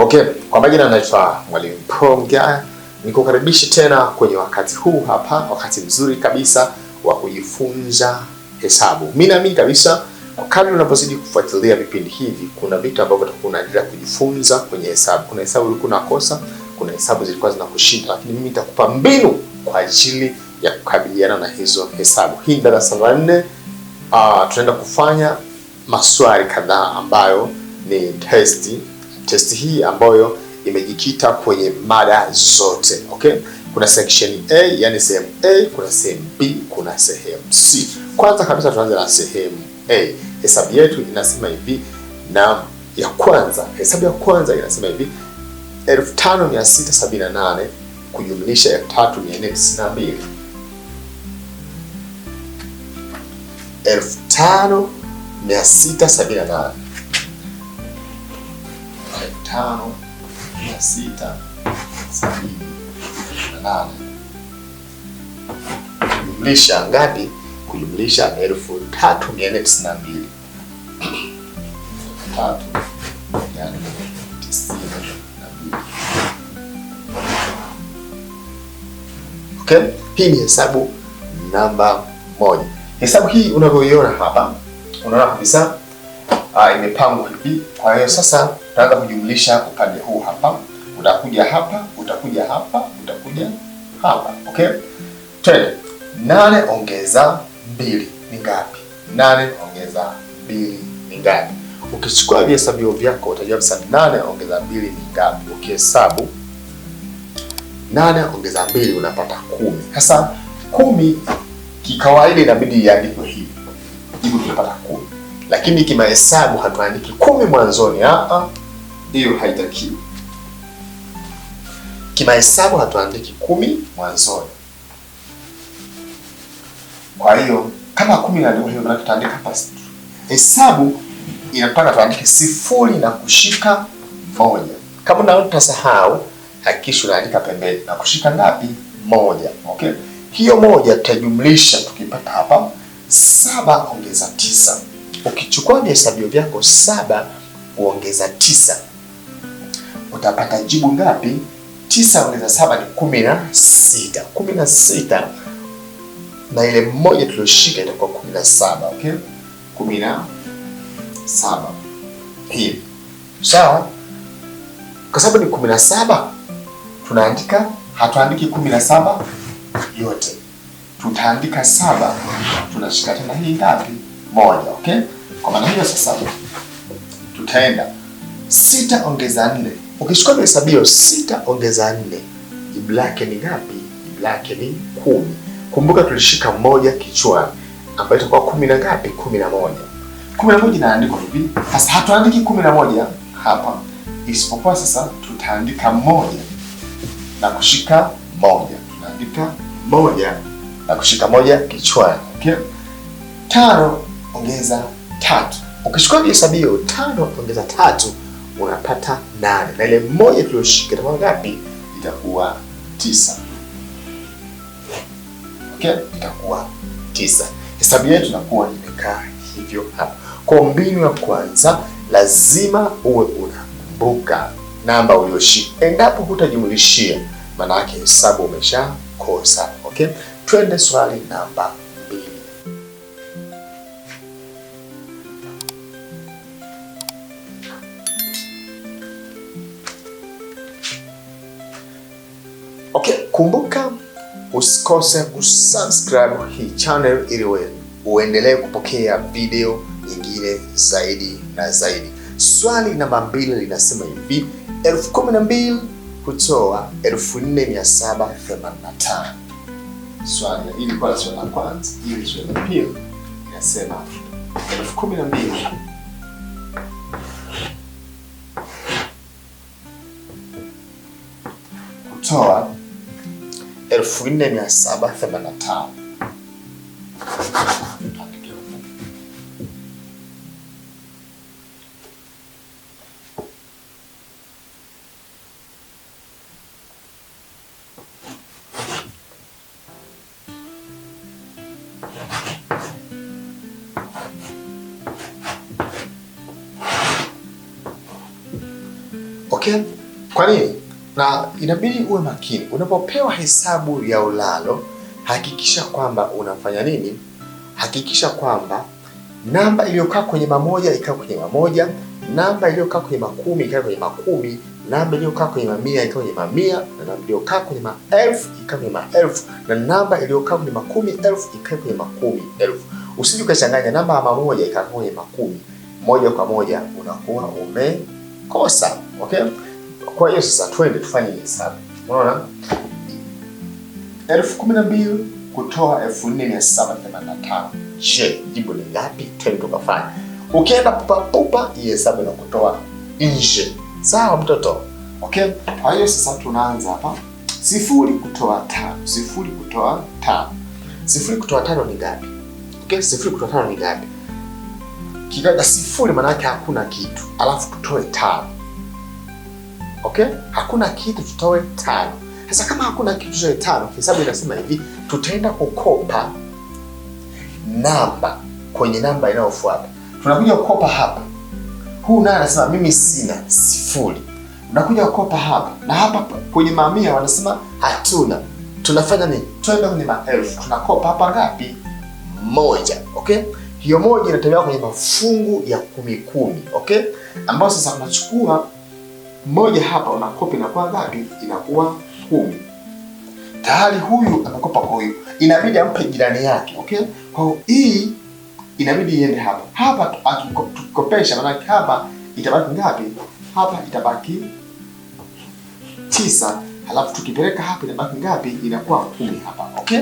Okay, kwa majina anaitwa Mwalimu Ponga, Nikukaribishi tena kwenye wakati huu hapa, wakati mzuri kabisa wa kujifunza hesabu. Mimi naamini kabisa kwa kadri unavyozidi kufuatilia vipindi hivi, kuna vitu ambavyo utakuwa unaendelea kujifunza kwenye hesabu. Kuna hesabu ulikuwa unakosa, kuna hesabu zilikuwa zinakushinda, lakini mimi nitakupa mbinu kwa ajili ya kukabiliana na hizo hesabu. Hii darasa la nne, uh, tunaenda kufanya maswali kadhaa ambayo ni testi test hii ambayo imejikita kwenye mada zote okay? Kuna section A, yani sehemu A, kuna sehemu B, kuna sehemu C. Kwanza kabisa tuanze na sehemu A. Hesabu yetu inasema hivi, na ya kwanza, hesabu ya kwanza inasema hivi 5678 kujumlisha 3492 5678 mwaka elfu tano mia sita sabini na nane kujumlisha ngapi? Kujumlisha elfu tatu mia nne tisini na mbili elfu tatu mia nne tisini na mbili Okay, hii ni hesabu namba moja. Hesabu hii unavyoiona hapa, unaona kabisa ah, imepangwa hivi. Kwa hiyo sasa utaanza kujumlisha upande huu hapa, utakuja hapa, utakuja hapa, utakuja hapa. Okay, twende. Nane ongeza mbili ni ngapi? Nane ongeza mbili ni ngapi? Ukichukua vihesabio vyako utajua sasa nane ongeza mbili ni ngapi. Ukihesabu nane ongeza mbili unapata kumi. Sasa kumi kikawaida inabidi iandikwe hivi, jibu tunapata kumi, lakini kimahesabu hatuandiki kumi mwanzoni hapa hiyo haitakiwi. Kimahesabu hatuandiki kumi mwanzoni, kwa hiyo kama kumi tutaandika hapa. Hesabu inataka tuandike sifuri na kushika moja. Kama na utasahau, hakikisha unaandika pembeni na kushika ngapi? Moja. Okay, hiyo moja tutajumlisha, tukipata hapa saba ongeza tisa. Ukichukua vihesabio vyako saba uongeza tisa utapata jibu ngapi? Tisa ongeza saba ni kumi na sita. Kumi na sita na ile moja tulioshika itakuwa kumi na saba. Okay, kumi na saba hivi, sawa? Kwa sababu ni kumi na saba tunaandika, hatuandiki kumi na saba yote, tutaandika saba, tunashika tena hii ngapi? Moja. Okay, kwa maana hiyo sasa tutaenda sita ongeza nne Ukichukua mihesabio sita ongeza nne, jibu lake ni ngapi? Jibu lake ni kumi. Kumbuka tulishika moja kichwani, ambayo itakuwa kumi na ngapi? Kumi na moja. Kumi na moja inaandikwa hivi sasa, hatuandiki kumi na moja hapa, isipokuwa sasa tutaandika moja na kushika moja, tunaandika moja na kushika moja kichwani, okay? Tano ongeza tatu. Ukichukua mihesabio tano ongeza tatu unapata nane na ile moja tuliyoshika itakuwa ngapi? Itakuwa tisa. Okay, itakuwa tisa. Hesabu yetu inakuwa imekaa hivyo hapa. Kwa mbinu ya kwanza, lazima uwe unakumbuka namba uliyoshika. Endapo hutajumulishia, maana yake hesabu umeshakosa. Okay, twende swali namba Okay, kumbuka usikose kusubscribe hii channel ili uendelee kupokea video nyingine zaidi na zaidi. Swali namba mbili linasema hivi, elfu kumi na mbili kutoa elfu nne mia saba themanini na tano. Swali hili kwa swali la kwanza, hili swali la pili linasema elfu kumi na mbili elfu nne mia saba themanini na tano. inabidi uwe makini unapopewa hesabu ya ulalo. Hakikisha kwamba unafanya nini? Hakikisha kwamba namba iliyokaa kwenye mamoja ikae kwenye mamoja, namba iliyokaa kwenye makumi ikae kwenye makumi, namba iliyokaa kwenye mamia ikae kwenye mamia, na namba iliyokaa kwenye maelfu ikae kwenye maelfu, na namba iliyokaa kwenye makumi elfu ikae kwenye makumi elfu. Usije ukachanganya namba ya mamoja ikakaa kwenye makumi moja kwa moja, unakuwa umekosa. Okay? Kwa hiyo sasa twende tufanye hesabu. Unaona? elfu kumi na mbili kutoa elfu nne mia saba themanini na tano. Je, jibu ni ngapi? Twende tukafanye. Ukienda pupapupa hesabu na kutoa nje. Sawa mtoto? Okay. Kwa hiyo sasa tunaanza hapa. Sifuri kutoa tano. Sifuri kutoa tano. Sifuri kutoa tano ni ngapi? Okay, sifuri kutoa tano ni ngapi? Kikaka sifuri maana yake hakuna kitu. Alafu tutoe tano. Okay? Hakuna kitu tutoe tano. Sasa kama hakuna kitu tutoe tano, hesabu inasema hivi, tutaenda kukopa namba kwenye namba inayofuata. Tunakuja kukopa hapa. Huu naye anasema mimi sina sifuri. Unakuja kukopa hapa na hapa kwenye mamia wanasema hatuna. Tunafanya nini? Twende kwenye maelfu. Tunakopa hapa ngapi? Moja. Okay? Hiyo moja inatolewa kwenye mafungu ya kumi kumi. Okay? Ambayo sasa tunachukua moja hapa unakopa inakuwa ngapi? Inakuwa kumi. Tayari huyu amekopa kwa huyu, inabidi ampe jirani yake. Okay, kwa hiyo hii inabidi iende hapa hapa. Akikopesha maana hapa itabaki ngapi? Hapa itabaki tisa, halafu tukipeleka hapa inabaki ngapi? Inakuwa kumi hapa. Okay,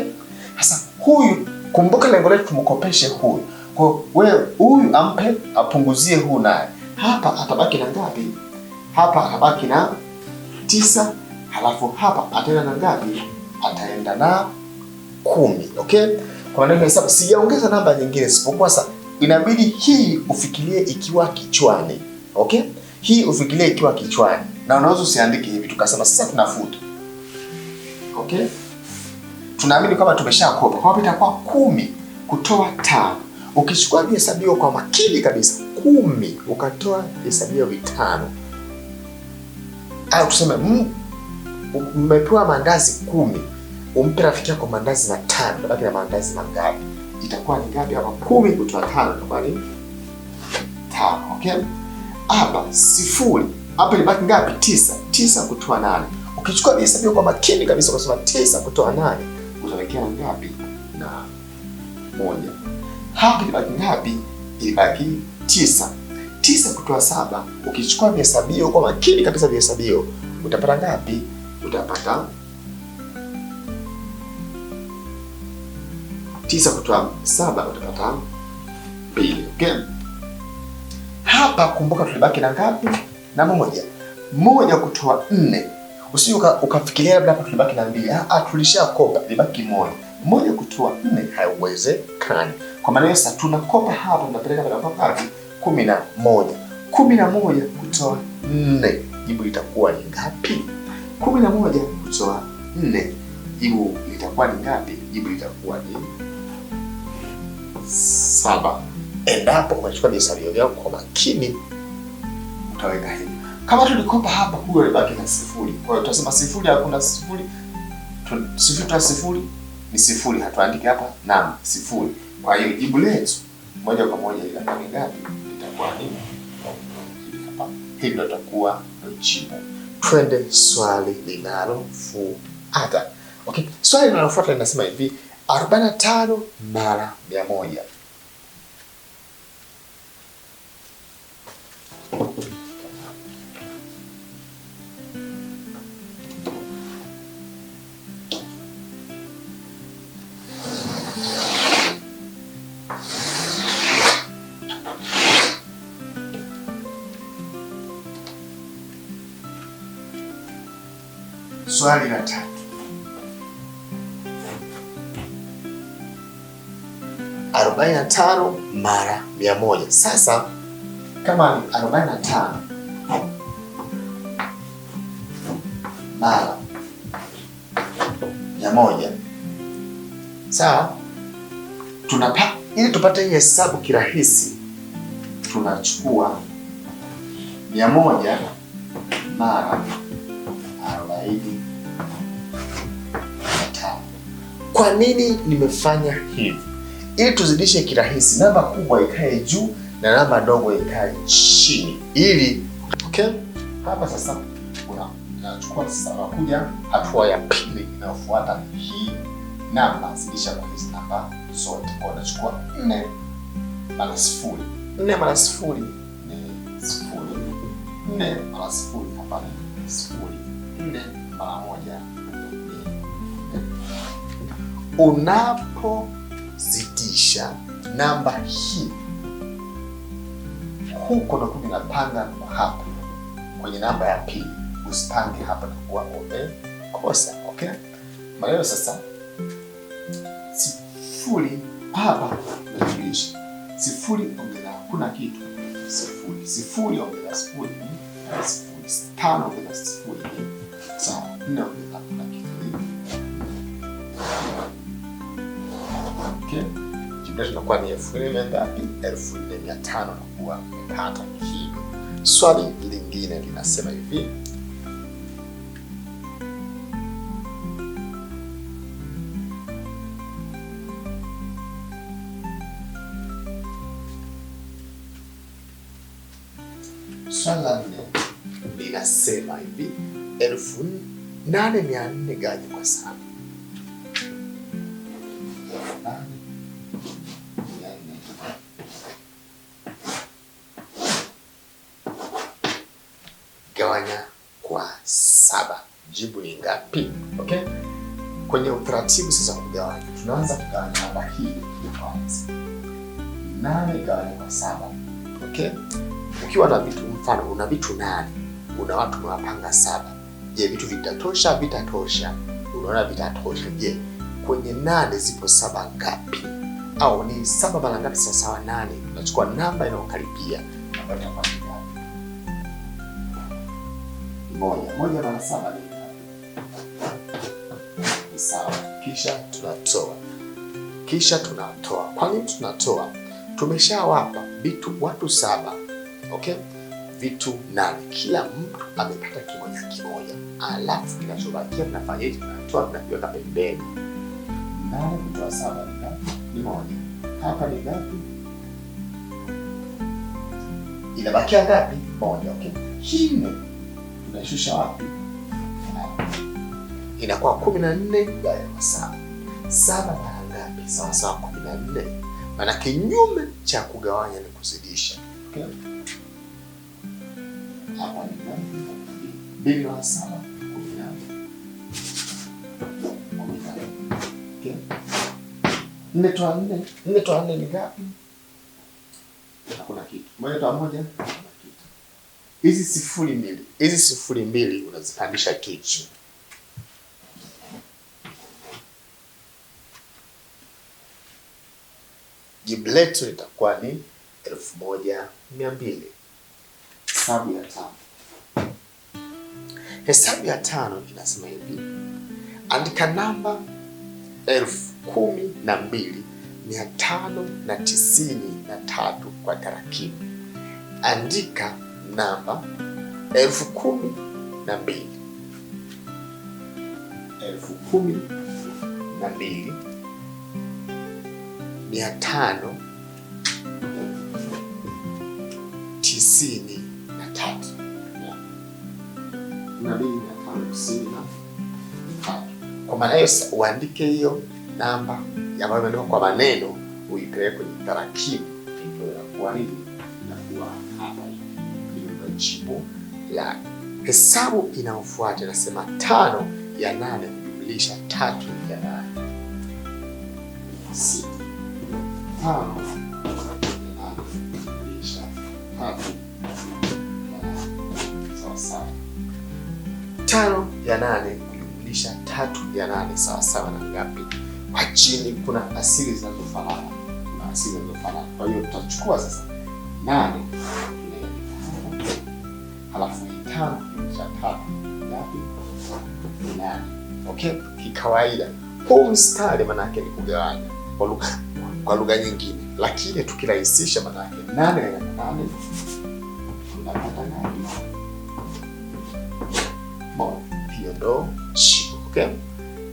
sasa huyu, kumbuka lengo letu tumkopeshe huyu. Kwa hiyo wewe huyu ampe apunguzie huyu, naye hapa atabaki na ngapi? hapa anabaki na tisa, halafu hapa ataenda na ngapi? Ataenda na kumi. Okay, kwa neno hesabu sijaongeza namba nyingine isipokuwa sasa inabidi hii ufikirie ikiwa kichwani. Okay, hii ufikirie ikiwa kichwani, na unaweza usiandike hivi tukasema sasa tunafuta. Okay, tunaamini kama tumeshakopa kwa itakuwa kumi kutoa tano ukichukua hesabio kwa makini kabisa, kumi ukatoa hesabio vitano au tuseme mmepewa mandazi kumi, umpe rafiki yako maandazi matano, baki na maandazi mangapi? Itakuwa ni ngapi? Hapa kumi kutoa tano itakuwa ni tano. Okay, hapa sifuri, hapa ibaki ngapi? Tisa. Tisa kutoa nane, ukichukua hesabu kwa makini kabisa, ukasoma tisa kutoa nane utawekea ngapi? na moja. Hapa ibaki ngapi? Ibaki tisa tisa kutoa saba, ukichukua vihesabio kwa makini kabisa, vihesabio utapata ngapi? Utapata tisa kutoa saba, utapata mbili. Okay, hapa kumbuka, tulibaki na ngapi? Na moja. Moja kutoa nne, usije ukafikiria labda hapa tulibaki na mbili. Ah, ah, tulishakopa, libaki moja. Moja kutoa nne haiwezekani. Kwa maana sasa tunakopa hapa, tunapeleka hapa kumi na moja. Kumi na moja kutoa nne, jibu litakuwa ni ngapi? Kumi na moja kutoa nne, jibu litakuwa ni ngapi? Jibu litakuwa ni saba. Endapo unachukua vihesabu vyako kwa makini, utaweka hivi. Kama tulikopa hapa, huyo ibaki na sifuri. Kwa hiyo tutasema sifuri, hakuna sifuri, sifuri ta sifuri ni sifuri, hatuandiki hapa na sifuri. Kwa hiyo jibu letu moja kwa moja itakuwa ni ngapi? mwalimu, hilo litakuwa jibu. Twende swali linalofuata. Okay, swali linalofuata linasema hivi 45 mara 100. Swali la tatu, arobaini na tano mara mia moja. Sasa kama ni arobaini na tano mara mia moja, sawa. Tunapa ili tupate hii hesabu kirahisi, tunachukua mia moja mara Kwa nini nimefanya hivi? Ili tuzidishe kirahisi, namba kubwa ikae juu na namba ndogo ikae chini, ili okay. Hapa sasa unachukua sasa, unakuja hatua ya pili inayofuata hii namba zidisha kwa hizi namba zote, kwa unachukua nne mara sifuri, nne mara sifuri nne sifuri, nne mara sifuri hapa ni sifuri, nne mara moja unapozidisha namba hii huko na kumi, napanga hapa kwenye namba ya pili, usipange hapa na kuwa umekosa. Okay, maneno sasa, sifuri hapa najumlisha sifuri ongela kuna kitu, sifuri sifuri ongela sifuri sifuri, tano ongela sifuri sawa, nne ongela kuna kitu Okay? Jumla tunakuwa ni elfu nne mia ngapi? elfu nne mia tano nakuwa mepata hilo. Swali lingine linasema hivi Swali la nne linasema hivi elfu nane mia nne gawanya kwa saba taratibu sasa kugawanya, tunaanza kugawanya namba hii ya kwanza nane gawanya kwa saba. Okay, ukiwa na vitu, mfano una vitu nane, una watu unawapanga saba. Je, vitu vitatosha? Vitatosha, unaona vitatosha. Je, kwenye nane zipo saba ngapi? Au ni saba mara ngapi? Sasa sawa nane, unachukua namba inayokaribia moja. Moja mara saba ni sawa, kisha tunatoa, kisha tunatoa. Kwa nini tunatoa? Tumeshawapa vitu watu saba, okay, vitu nane, kila mtu amepata kimoja kimoja, alafu kinachobakia tunafanya hivi, tunatoa, tunakiweka pembeni. Nane kutoa saba ni moja. Hapa ni ngapi? Inabakia ngapi? Moja. Okay, hii tunashusha wapi? inakuwa kumi na nne gawa saba. Saba mara ngapi? Sawa sawa kumi na nne. Maana kinyume cha kugawanya ni kuzidisha. Nne toa nne, nne toa nne ni ngapi? Hakuna kitu. Moja toa moja hizi sifuri mbili, hizi sifuri mbili unazipandisha kichwa jibu letu litakuwa ni elfu moja mia mbili. Hesabu ya tano, hesabu ya tano inasema hivi: andika namba elfu kumi na mbili mia tano na tisini na tatu kwa tarakimu. Andika namba elfu kumi na mbili elfu kumi na mbili mia tano tisini na tatu kwa maana hiyo uandike hiyo namba ambayo imeandikwa kwa maneno uipeleke kwenye tarakimu jibu la hesabu inayofuata inasema tano ya nane kujumlisha tatu ya nane si tano isha tatu sawasawa, tano ya nane kujumulisha tatu ya nane sawasawa na ngapi? Kwa chini kuna asili zinazofanana, kuna asili zinazofanana. Kwa hiyo tutachukua sasa nane halafu tano kujumlisha tatu ngapi? Nane. Okay, kikawaida huu mstari maana yake ni kugawanya kwa lugha kwa lugha nyingine, lakini tukirahisisha maana yake nane nane tunapata nane Hiyo ndo jibu. Okay,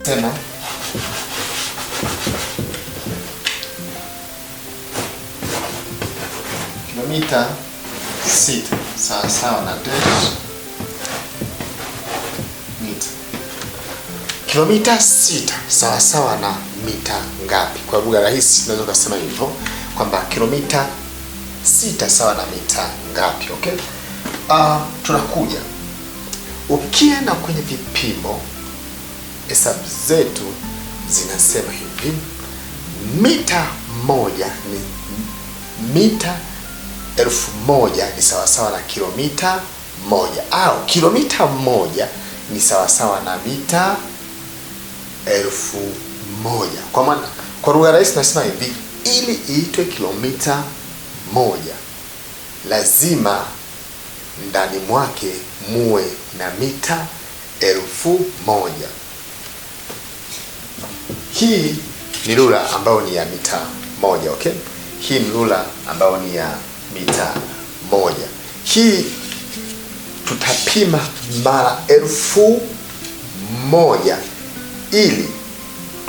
tena kilomita sita sawasawa na kilomita sita sawasawa na mita ngapi? Kwa lugha rahisi tunaweza kusema hivyo kwamba kilomita sita sawa na mita ngapi? Okay, uh, tunakuja ukienda kwenye vipimo, hesabu zetu zinasema hivi mita moja ni mita elfu moja ni sawasawa na kilomita moja au kilomita moja ni sawasawa na mita elfu moja. Kwa maana kwa lugha rahisi nasema hivi, ili iitwe kilomita moja lazima ndani mwake muwe na mita elfu moja. Hii ni lula ambayo ni ya mita moja, okay? Hii ni lula ambayo ni ya mita moja. Hii tutapima mara elfu moja ili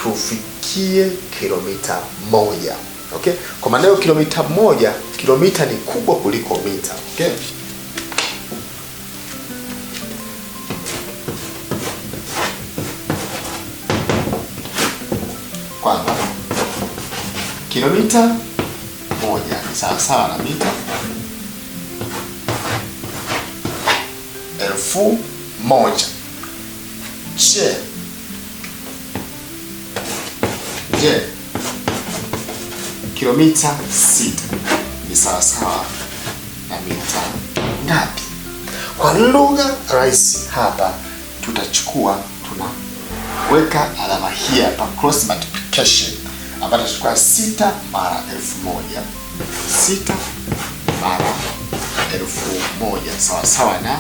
tufikie kilomita moja. Okay? Kwa maana hiyo kilomita moja, kilomita ni kubwa kuliko mita. Okay? Kwanza kilomita moja ni sawasawa na mita elfu moja. Je, Je, kilomita sita ni sawasawa na mita ngapi? Kwa lugha rahisi hapa tutachukua, tunaweka alama hii hapa cross multiplication, ambayo tutachukua sita mara elfu moja sita mara elfu moja sawasawa na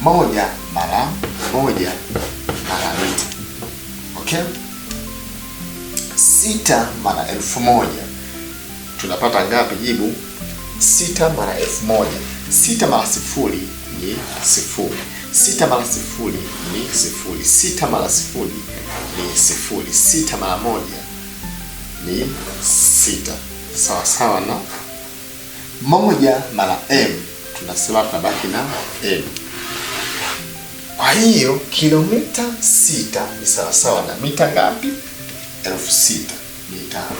moja mara moja mara mita. Okay? sita mara elfu moja tunapata ngapi? Jibu sita mara elfu moja. Sita mara sifuri ni sifuri. Sita mara sifuri ni sifuri. Sita mara sifuri ni sifuri. Sita mara moja ni sita, sawa sawa na moja mara m, tunasema tunabaki na m. Kwa hiyo kilomita sita ni sawasawa na mita ngapi? elfu sita mia tano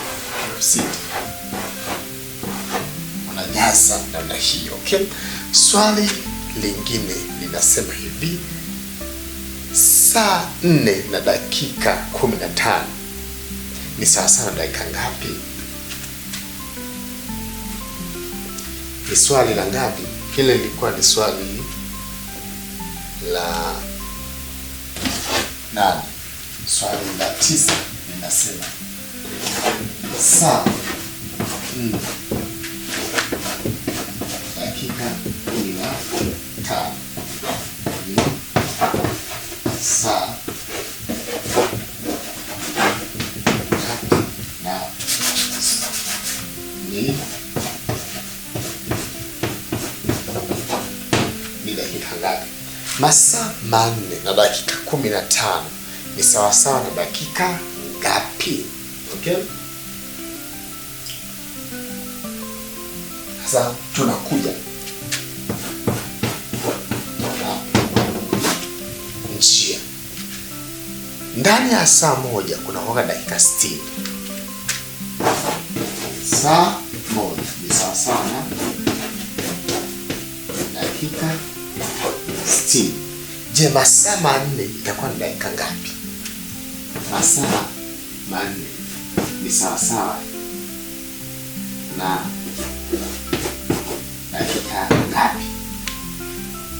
elfu sita unajaza namna hii okay. Swali lingine linasema hivi saa nne na dakika kumi na tano ni sawa sawa na dakika ngapi? Ni swali la ngapi? Hili lilikuwa ni swali la nane, swali la tisa inasema saa nne hmm. dakika kumi na tano saa Masaa manne na dakika kumi na tano ni sawasawa na dakika ngapi? Okay, sasa tunakuja njia ndani ya saa moja kuna kunaoga dakika sitini. Saa moja ni saa sana dakika sitini. Je, masaa manne itakuwa ni dakika ngapi? masaa manne ni sawasawa na dakika ngapi?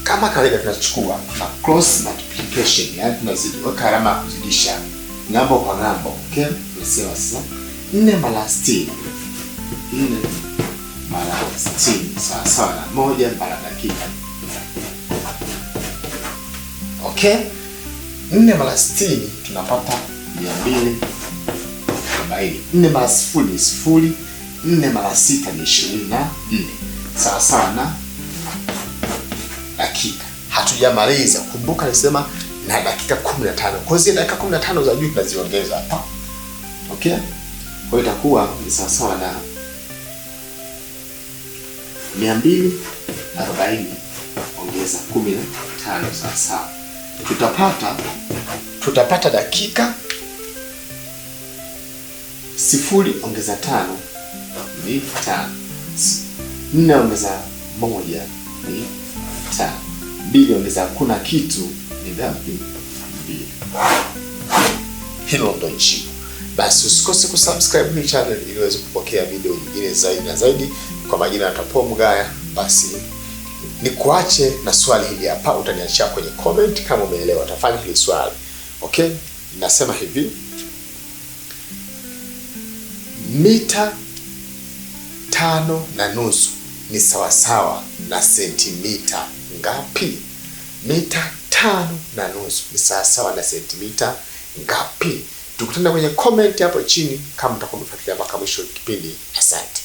Kama kawaida, tunachukua na cross multiplication, yaani tunaziweka alama ya kuzidisha ng'ambo kwa ng'ambo. Okay, tunasema sasa nne mara sitini, nne mara sitini sawasawa na moja mara dakika. Okay, nne mara sitini tunapata mia mbili arobaini. Nne mara sifuri ni sifuri, nne mara sita ni ishirini na nne sawa sawa na dakika. Hatujamaliza, kumbuka nilisema na dakika kumi na tano. Kwa hiyo zile dakika kumi na tano za juu tunaziongeza hapa, okay. Kwa hiyo itakuwa ni sawa sawa na mia mbili arobaini ongeza kumi na tano sawa sawa, tutapata tutapata dakika sifuri ongeza tano ni tano, nne ongeza moja ni tano, mbili ongeza kuna kitu ni ngapi? Mbili. Hilo ndo jibu. Basi usikose kusubscribe hii channel ili uweze kupokea video nyingine zaidi na zaidi. Kwa majina ya Paul Mgaya. Basi nikuache na swali hili hapa, utaniachia kwenye comment kama umeelewa, utafanya hili swali okay. Nasema hivi mita tano na nusu ni sawasawa na sentimita ngapi? Mita tano na nusu ni sawasawa na sentimita ngapi? tukutana kwenye comment hapo chini, kama mtakuwa mfuatilia mpaka mwisho kipindi. Asante.